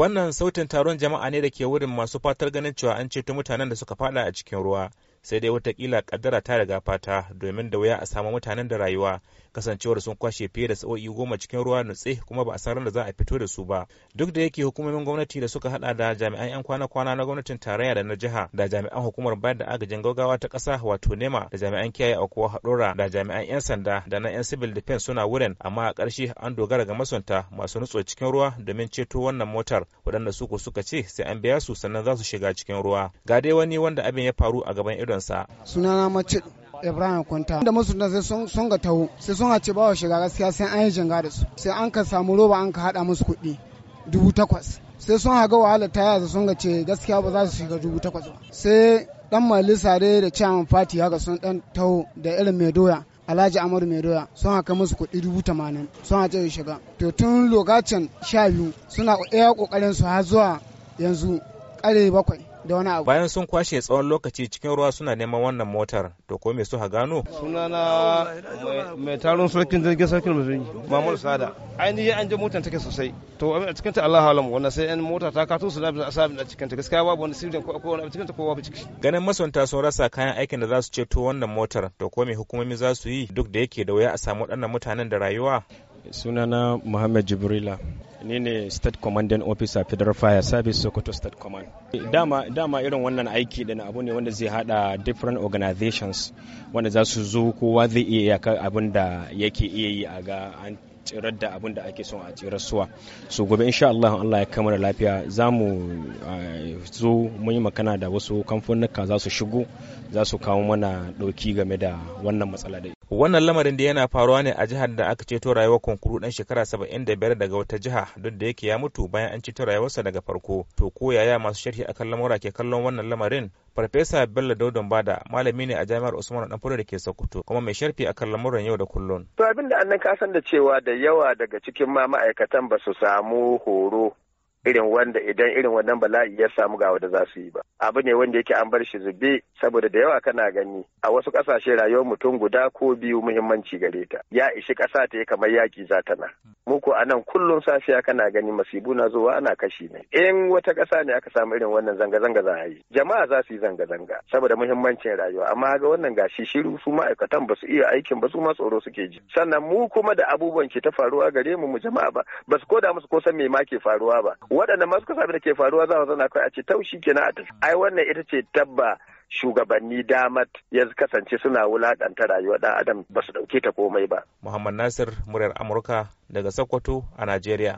wannan sautin taron jama'a ne da ke wurin masu fatar ganin cewa an ceto mutanen da suka fada a cikin ruwa sai dai watakila kaddara ta riga fata domin da wuya a samu mutanen da rayuwa kasancewar sun kwashe fiye da sa'o'i goma cikin ruwa nutse kuma ba a san da za a fito da su ba duk da yake hukumomin gwamnati da suka hada da jami'an yan kwana-kwana na gwamnatin tarayya da na jiha da jami'an hukumar bayar da agajin gaggawa ta kasa wato nema da jami'an kiyaye aukuwa hadora da jami'an yan sanda da na yan civil defense suna wurin amma a ƙarshe an dogara ga masunta masu nutso cikin ruwa domin ceto wannan motar waɗanda su ko suka ce sai an biya su sannan za su shiga cikin ruwa ga dai wani wanda abin ya faru a gaban suna na mace Ibrahim kwanta da masu da sai sun ga taho sai sun hace bawa shiga gaskiya sai an yi jinga da su sai an ka samu roba an ka hada musu kuɗi dubu takwas sai sun haga wahala ta yaza sun ga ce gaskiya ba za su shiga dubu takwas ba sai dan malisa dai da chairman fati haka sun dan taho da irin mai doya Alhaji Amadu mai doya sun haka musu kuɗi dubu tamanin sun haka ya shiga. To tun lokacin sha biyu suna iya kokarin su har zuwa yanzu ƙare bakwai da wani abu bayan sun kwashe tsawon lokaci cikin ruwa suna neman wannan motar to ko me suka gano sunana mai taron sarkin jirgin sarkin musulmi mamul sada ainihin an je motar take sosai to a cikin ta Allah halam wannan sai yan mota ta kato su na bisa asabin a cikin ta gaskiya babu wani sirrin ko wani cikin ta ko babu ciki ganin masunta sun rasa kayan aikin da za su ceto wannan motar to ko me hukumomi za su yi duk da yake da wuya a samu waɗannan mutanen da rayuwa sunana Muhammad Jibrila ni ne state commanding officer federal fire service sokoto state command dama dama irin wannan aiki da abu ne wanda zai hada different organizations wanda za su zo kowa zai iya iyakar abin da yake iya yi a ga an tsirar da abin da ake son a tsirar suwa su gobe insha Allah Allah ya kamar lafiya za mu zo mun yi makana da wasu kamfanuka za su shigo za su kawo mana dauki game da wannan matsala da wannan lamarin da yana faruwa ne a jihar da aka ceto rayuwar kunkuru dan shekara 75 daga wata jiha duk da yake ya mutu bayan an ceto rayuwarsa daga farko to ko yaya masu sharhi akan lamura ke kallon wannan lamarin Farfesa Bello Daudon Bada malami ne a Jami'ar Usman fure da ke Sokoto kuma mai sharfi akan lamuran yau da kullum. To abin da annan ka san da cewa da yawa daga cikin ma ma'aikatan ba su samu horo irin wanda idan irin wannan bala'i ya samu ga wanda za su yi ba abu ne wanda yake an bar shi zube saboda da yawa kana gani a wasu kasashe rayuwar mutum guda ko biyu muhimmanci gare ta ya ishi ƙasa ta kamar yaƙi za ta na muku a nan kullum safiya kana gani masibu na zuwa ana kashi ne in wata ƙasa ne aka samu irin wannan zanga-zanga za a yi jama'a za su yi zanga-zanga saboda muhimmancin rayuwa amma ga wannan gashi shiru su ma'aikatan ba su iya aikin ba su ma tsoro suke ji sannan mu kuma da abubuwan ke ta faruwa gare mu mu jama'a ba ba su koda musu ko san me ma ke faruwa ba waɗanda masu kasa da ke faruwa za su zana kai a ce taushi kenan a tafi ai wannan ita ce tabba shugabanni damat ya kasance suna wulaƙanta rayuwar ɗan adam ba su ɗauke ta komai ba. Muhammad Nasir muryar Amurka daga Sokoto a Najeriya.